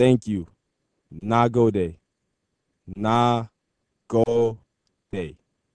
Thank you. Nagode. Nagode.